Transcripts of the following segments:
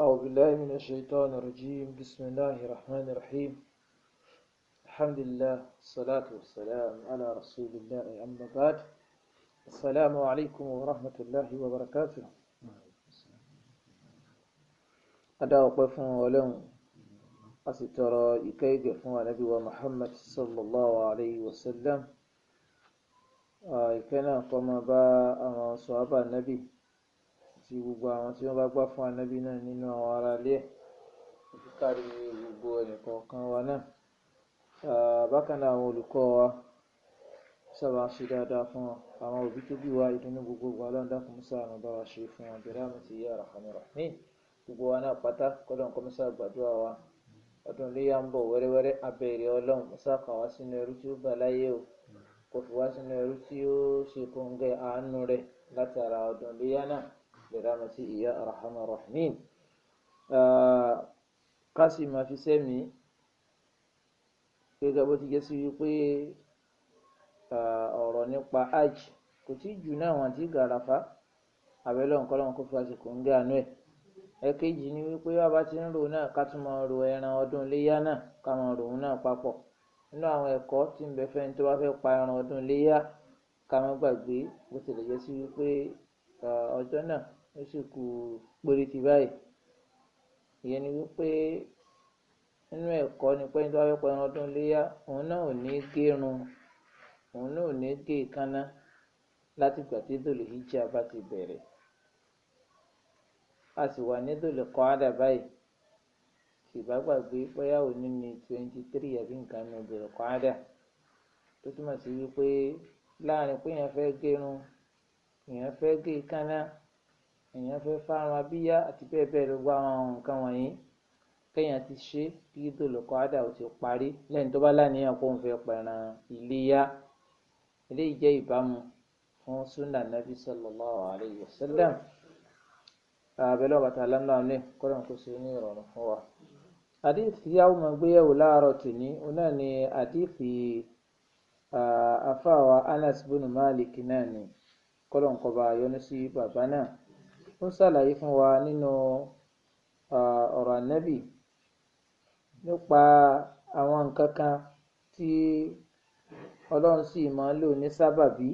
أعوذ بالله من الشيطان الرجيم بسم الله الرحمن الرحيم الحمد لله والصلاة والسلام على رسول الله أما بعد السلام عليكم ورحمة الله وبركاته أدعى ولهم asitọrọ أسترى ìgẹ̀ fún ànábì wa صلى الله عليه وسلم sallam قم با أما máa النبي àti gbogbo àwọn tí wọ́n bá gbà fún ànábì náà nínú àwọn ará ilé ẹ̀ òfin kárí gbogbo ẹnìkọ̀ọ̀kan wa náà bákan náà àwọn olùkọ́ wa sábà ń ṣe dáadáa fún wọn àwọn òbí tó bí wa ìdùnnú gbogbo wa lọ́n dákun mọ́sá àmọ́ bá wa ṣe fún wọn bẹ̀rẹ̀ àmì ti yá àràkàmì rà ní gbogbo wa náà pátá kọ́lọ́n kọ́ mọ́sá gbàdúrà wa ọdún ilé ń bọ̀ wẹ́rẹ́wẹ́rẹ́ abẹ́rẹ́ ọlọ́run mọ́sá kà wá sínú ẹrú tí ó gbà láyé o kò fi wá sínú ẹrú tí ó ṣe kóńgẹ́ àánú rẹ̀ látara ọdún ilé náà برحمتك يا أرحم الراحمين ká sì máa fi sẹ́mi gẹ́gẹ́ bó ti jẹ́ sí wípé eh, ọ̀rọ̀ nípa hajj kò tí jù náà wọn àti gàràfà àbẹ́lẹ̀ nǹkan lọ́wọ́ kó fi àsìkò ń gé àánú ẹ̀ ẹ̀kejì ni wípé bàbá ti ń ro náà ká tún máa ro ẹran ọdún iléyá náà ká máa ro òun náà papọ̀ nínú àwọn ẹ̀kọ́ tí ń bẹ fẹ́ni tó bá fẹ́ pa ẹran ọdún iléyá ká má gbàgbé bó tilẹ̀ jẹ́ sí wípé eh, ọjọ́ náà ó sì kù péréte báyìí ìyẹn ni wípé nínú ẹ̀kọ́ ni pé nítorí wípé ẹran ọdún léyà òun náà ò ní gérun òun náà ò ní gé èékánná látìgbà tí dòlè hijab bá ti bẹ̀rẹ̀ a sì wà ní dòlè kọ́ádà báyìí sì bá gbàgbé bóyá òní ni twenty three àbí nǹkan mi dòlè kọ́ádà tó túmọ̀ sí wípé láàrin pé èèyàn fẹ́ gérun èèyàn fẹ́ gé èékánná èèyàn fẹ́ fárun abíyá àti bẹ́ẹ̀ bẹ́ẹ̀ lọ gba àwọn nǹkan wọ̀nyí kéèyàn ti ṣe kí dòlòkọ́ àdá ò ti parí lẹ́yìn tó bá láníyàn kó ń fẹ́ pẹ̀ràn iléyá eléyìí jẹ́ ìbámu fún sunna nabi sallallahu alayhi wa sallam abẹ́lẹ́ ọ̀bàtà alámúláàmúlẹ̀ kọ́dà kó ṣe ní ìrọ̀rùn fún wa. àdìsí yàwó máa gbéyàwó láàárọ̀ tòní ọ̀nà ni àdìsí afáwa anas bin malik náà ni kọ́lọ̀ ń kọba yọ́nú sí bàbá náà ń ṣàlàyé fún wa nínú um ọ̀rọ̀ ànábì nípa àwọn nǹkan kan tí Ọlọ́run sì máa ń lò ní sábàbí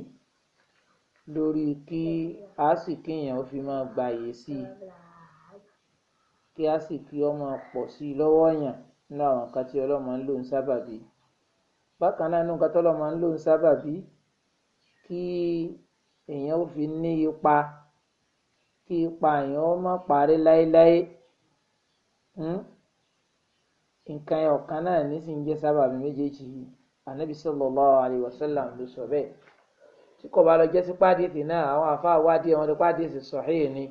lórí kí aásìkí èèyàn ó fi máa gbayì sí i kí aásìkí ó máa pọ̀ sí i lọ́wọ́ èèyàn nínú àwọn nǹkan tí Ọlọ́run máa ń lò ní sábàbí bákan náà nínú nǹkan tọ́lọ́run máa ń lò ní sábàbí kí èèyàn ó fi ní ipa kí ìpààyàn má parí láéláé hmm? nǹkan ọ̀kan náà ní sì ń jẹ́ sábàbí méjèèjì yìí ànábì sallallahu alaihi wasallam ló sọ bẹ́ẹ̀ tí kò bá lọ jẹ́ sí pàdésì náà àwọn àfáà wádìí àwọn pàdésì sọ̀hìn ni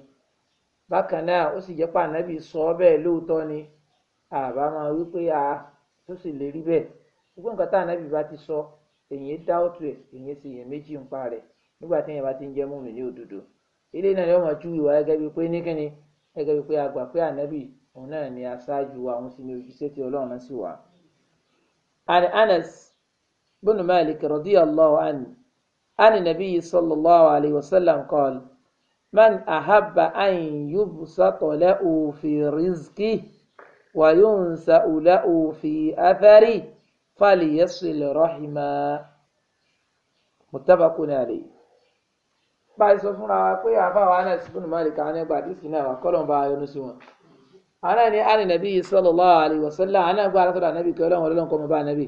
bákan náà ó sì jẹ́ pé ànábì sọ bẹ́ẹ̀ lóòótọ́ ni àbá máa wí pé a tó sì lè rí bẹ́ẹ̀ gbogbo nǹkan tá ànábì bá ti sọ èyí dá ẹ̀ èyí sì yẹ méjì ń pa rẹ̀ nígbà tí èèyàn bá ti ń jẹ́ mùmínì ní òdodo eléyìí náà ni wọn máa júwe wa gẹ́gẹ́ bíi pé níkẹni gẹ́gẹ́ bíi pé a gbà pé ànábì òun náà ni aṣáájú wa sì ni òjíṣẹ́ tí Ọlọ́run sì wà. عن أنس بن مالك رضي الله عنه عن النبي صلى الله عليه وسلم قال من أحب أن يبسط له في رزقه وينسأ له في أثره فليصل رحمه متفق عليه bá a sọ fúnra wa pé àbá wa Anas ibn Malik àwọn ẹgbàá àdìsí náà wà kọ́lọ̀ ń bá yọnu sí wọn. àná ni àná nàbí sallallahu alaihi wasallam àná gba alátọ́dọ̀ ànábì kí ọlọ́run ọlọ́run kọ́ mọ bá ànábì.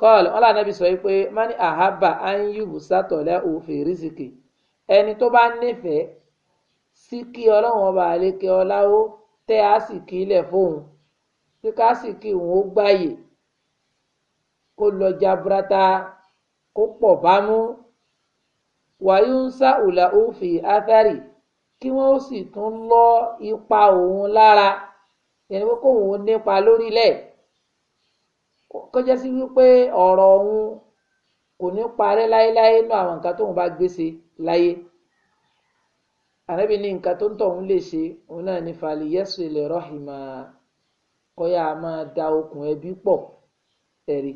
kọ́ọ̀lù wọn lànàbì sọ pé mani ahaba an yubsata lahu fi rizqi ẹni tó bá nífẹ̀ẹ́ sí kí ọlọ́run ọba àlékè ọláwó tẹ́ àsìkí ilẹ̀ fóun tí kásìkí òun ó gbáyè kó lọ jaburata kó pọ̀ bámú wàyíùnsá ùlàófì áfárì kí wọn ó sì tún lọ ipa òun lára ìyẹn pé kóun ó nípa lórílẹ̀ kó jẹ́ sí wípé ọ̀rọ̀ òun kò ní parẹ́ láéláé nínú àwọn nǹkan tóun bá gbèsè láyé ànábì ní nǹkan tó ń tọ̀hún lè ṣe òun náà ní falẹ̀ yẹ́sù ilẹ̀ rọ́hìmà kọ́yà á máa da okùn ẹbí pọ̀ ẹ̀rí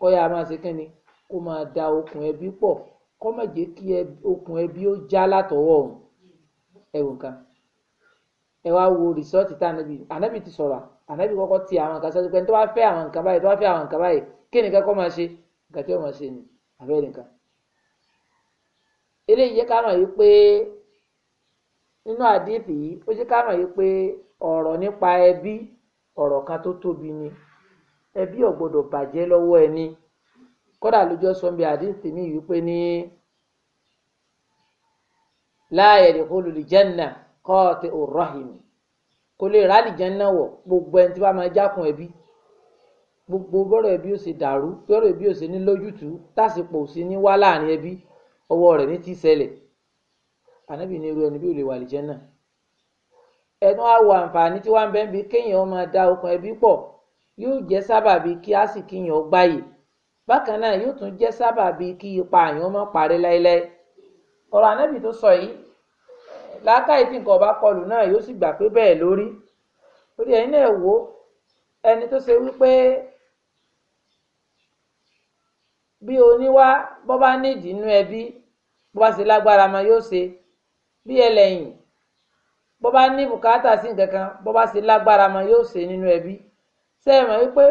kọ́yà á máa ṣe kínni kó máa da okùn ẹbí pọ̀ kó má jẹ́ kí okùn ẹbí ó já látọwọ́ òun ẹ wò nǹkan ẹ wá wo rìsọ́ọ̀tì tá ànábì ànábì ti sọ̀rọ̀ ànábì kọ́kọ́ ti àwọn nǹkan sọ́dọ̀ pé tó bá fẹ́ àwọn nǹkan báyìí tó bá fẹ́ àwọn nǹkan báyìí kí nìkan kọ́ máa ṣe nǹkan tí ó máa ṣe ni àbẹ́ nìkan. eléyìí jẹ́ ká yìí pé nínú àdìsí yìí ó jẹ́ ká yìí pé ọ̀rọ̀ nípa ẹbí ọ̀rọ̀ kan tó tóbi ni ẹbí ò bàjẹ́ lọ́wọ́ ẹni kódà lójó sọmbi àdìsí mi yìí pé ní láàyè ìdíkòlù lìjẹ́nà kọ́ọ̀tì òrọ́hìnì kò lè rà lìjẹ́nà wọ̀ gbogbo ẹni tí wàá máa jákun ẹbí gbogbo bọ́rọ̀ ẹbí ò sì dàrú bọ́rọ̀ ẹbí ò sì ní lójútùú tásìpò ò sì ní wá láàrin ẹbí ọwọ́ rẹ̀ ní ti ṣẹlẹ̀ ànábì ní irú ẹni bí ò lè wà lìjẹ́nà ẹnu àwọ àǹfààní tí wàá bẹ́ẹ̀ bí kéèyàn máa da okùn ẹbí pọ̀ yóò jẹ́ sábàbí kí á sì kíyàn gbáyè bákan náà yóò tún jẹ sábàbí kí ìpààyàn má parẹ láéláé ọrọ ànábì tó sọ yìí làákàyè tí nǹkan ọba kọlù náà yóò sì gbà pé bẹ́ẹ̀ lórí torí ẹ̀yin náà wò ó ẹni tó ṣe wípé bí oníwá bọ́ bá nídìí inú ẹbí bó bá ṣe lágbára máa yóò ṣe bí ẹlẹ́yìn bó bá ní bùkátà sí nǹkan kan bó bá ṣe lágbára máa yóò ṣe nínú ẹbí ṣe é mọ̀ wípé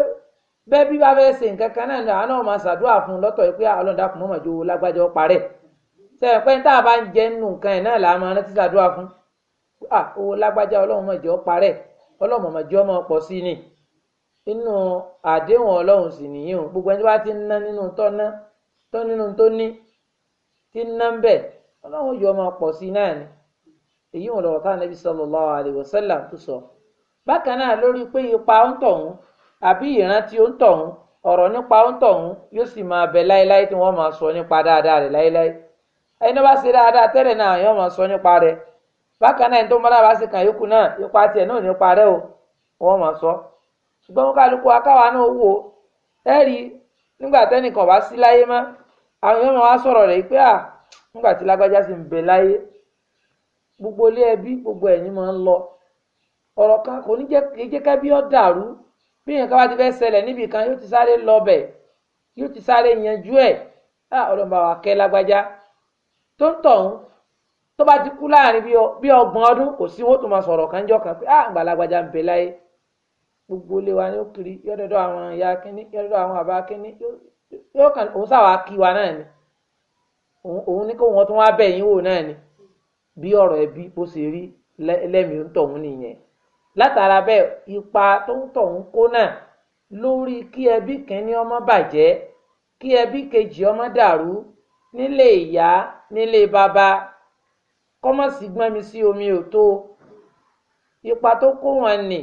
bẹ́ẹ̀ bí bá fẹ́ se nǹkan kan náà àwọn náà máa fún un lọ́tọ̀ pé Ọlọ́run dákun mọ́mọ́ jó lágbájọ́ parẹ́ sẹ́yìn tá a bá ń nǹkan ẹ̀ náà là á máa rántí pọ̀ sí ni inú àdéhùn Ọlọ́run sì nìyí o gbogbo ẹni bá ti ná nínú tọ́ná nínú tó ní ti ọmọ pọ̀ àbí ìrántí òǹtọ̀hún ọ̀rọ̀ nípa òǹtọ̀hún yóò sì máa bẹ láéláé tí wọ́n máa sọ nípa dáadáa rẹ̀ láéláé ẹni tó bá ṣe dáadáa tẹ́lẹ̀ náà yóò máa sọ nípa rẹ̀ bákan náà ẹni tó mọ́lá bá ṣe kàn yókù náà ipa tiẹ̀ náà nípa rẹ̀ o wọ́n máa sọ ṣùgbọ́n wọn kálukú akáwa náà wò ó ẹ rí nígbà tẹ́nìkan wá sí láyé mọ́ àwọn yóò máa wá sọ̀rọ̀ rẹ̀ pé nígbà tí lágbájá sì ń bẹ láyé gbogbo ilé ẹbí gbogbo ẹ̀yìn bí nǹkan bá ti fẹ́ ṣẹlẹ̀ níbì kan yóò ti sáré lọbẹ̀ yóò ti sáré yanjú ẹ̀ ọlọ́mọba wa kẹ́ lágbájá tó ń tọ̀hún tó bá ti kú láàrin bí ọgbọ̀n ọdún kò sí wọ́n tó máa sọ̀rọ̀ kanjọ́ kan pé àgbà lágbájá ń bẹ láyé gbogbo ilé wa ni ó kiri yọdọdọ àwọn ìyá kínní yọdọdọ àwọn bàbá kínní yóò kàn òun sáwà kí wa náà ni òun ní kó wọn tún wá bẹ̀ wò náà ni bí ọ̀rọ̀ ẹbí bó ṣe rí lẹ́mìí ń tọ̀hún nìyẹn látara bẹẹ ipa tóńtọhún kó náà lórí kí ẹbí kìnínní ọmọ bàjẹ kí ẹbí kejì ọmọ dàrú nílé ìyá nílé bàbá kọmọsí gbọnmi sí omi ò tó ipa tó kó wọn nì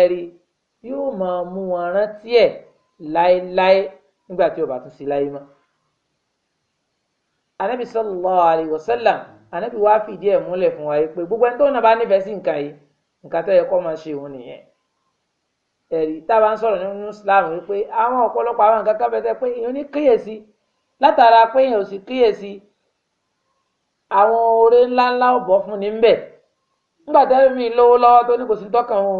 ẹrí yóò máa mú wọn rántí ẹ láéláé nígbà tí ó bá tún sí láyé mọ́ anabi sallallahu alayhi wa sallam anabi wàá fìdí ẹ múlẹ̀ fún wa yìí pé gbogbo ẹni tó nà bá nífẹ̀ẹ́ sí nǹkan yìí nǹkan tó yẹ kó máa ṣe òun nìyẹn ẹ̀rí tá a bá ń sọ̀rọ̀ nínú Islam wípé àwọn ọ̀pọ̀lọpọ̀ àwọn nǹkan kan bẹ̀tẹ̀ pé èèyàn ní kíyèsí látara pé èèyàn ò sì kíyèsí àwọn oore ńláńlá ọ̀bọ̀ fún ni ń bẹ nígbà tẹ́lẹ̀ mi lówó lọ́wọ́ tó ní kò sí tọ́kàn o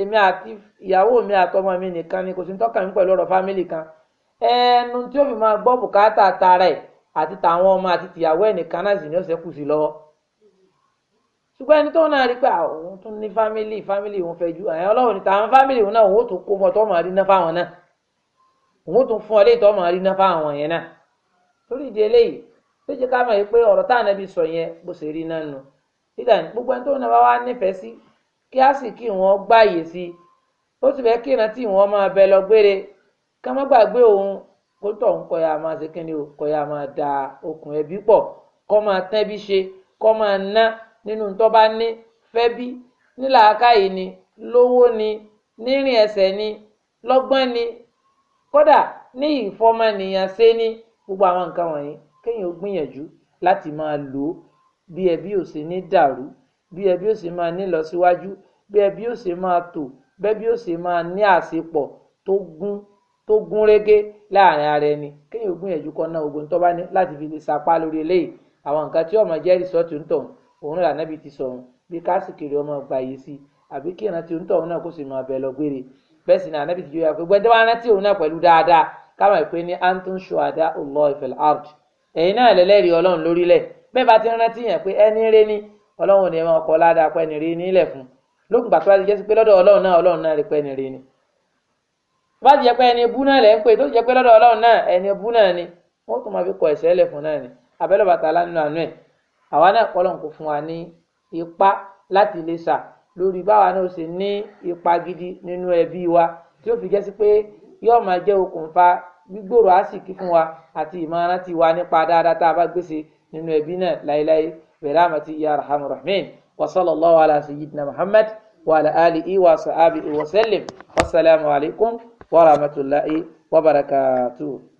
èmi àti ìyàwó mi àtọmọ mi nìkan ni kò sí tọ́kàn mi pẹ̀lú ọ̀rọ̀ fámìlì kan ẹnu tí ó fi máa gbọ́ bùkátà tara ẹ̀ àti tàwọn ọmọ àti tìyàwó ẹ̀ nìkan náà sì ni ó ṣẹ́kù sí lọ́wọ́ ṣùgbọ́n ẹni tó ń rí pé àwọn tún ní fámìlì fámìlì òun fẹ́ ju àyàn ọlọ́run níta àwọn fámìlì òun náà òun ó tún kó bọ́ tọ́ máa rí ná fáwọn náà òun ó fún máa rí fáwọn yẹn náà torí ìdí eléyìí ló jẹ́ ká mọ̀ pé ọ̀rọ̀ sọ yẹn bó ṣe rí náà nù nígbà gbogbo ẹni tó ń wá nífẹ̀ẹ́ sí kí á sì kí wọn sí ó sì nínú tó bá ní fẹ́ bí ní làákàyè ni lówó ni nírìn ẹsẹ̀ ni lọ́gbọ́n ni kódà ní ìfọmọnìyàn ṣe ni gbogbo àwọn nǹkan wọ̀nyí kéèyàn ó gbìyànjú láti máa lò ó bí ẹbí ò sì ní dàrú bí ẹbí ò sì máa ní lọ síwájú bí ẹbí ò sì máa tò bẹ́bí ò sì máa ní àṣepọ̀ tó gún tó gún régé láàrin ara ẹni kéèyàn ó gbìyànjú kọ́ ná ogun tó bá ní láti fi sapá lórí eléyìí àwọn nǹkan tí ọmọ jẹ́rìí sọ́ọ̀tún tọ̀hún òun là nábì ti sọ̀run bí kásìkiri ọmọ gba yìí sí àbí kí ìrántí òun tọ̀hún náà kó sì máa bẹ̀ lọ gbére bẹ́ẹ̀ sì ni ànábì ti jó ya pé gbẹ́dẹ́ wá rántí òun náà pẹ̀lú dáadáa káwọn ìpè ní anton shuada allah ifel ard ẹ̀yin náà lẹ́lẹ́rìí ọlọ́run lórílẹ̀ bẹ́ẹ̀ bá ti rántí yẹn pé ẹni rẹ ní ọlọ́run ni ẹ̀wọ̀n ọkọ̀ ládàá pẹ́ ni rí nílẹ̀ fún lókùn gbà tó bá ti jẹ́ sí pé lọ́dọ̀ ọlọ́run náà ọlọ́run náà rí pẹ́ ni rí ni bá ti jẹ́ pé ẹni bú náà lẹ́ ń pè tó ti jẹ́ pé lọ́dọ̀ ọlọ́run náà ẹni bú náà ni wọ́n tún máa fi kọ ẹ̀sẹ̀ lẹ̀ fún náà ni abẹ́lẹ̀ bàtà lánàá nù àwa náà kọ́ lọ́n kó fún wa ní ipá láti lè sà lórí báwa náà ṣe ní ipa gidi nínú ẹbí wa tí ó fi jẹ́ sí pé yóò máa jẹ́ okùnfà gbígbòòrò àsìkí fún wa àti ìmọ̀ràn ti wa nípa dáadáa tá a bá gbèsè nínú ẹbí náà láéláé bẹ̀rẹ̀ àmàtí ya rahman rahman wa sallallahu ala muhammad wa ala alihi wa sahabi wa sallim wasalaamu wa rahmatulahi wa barakatuh.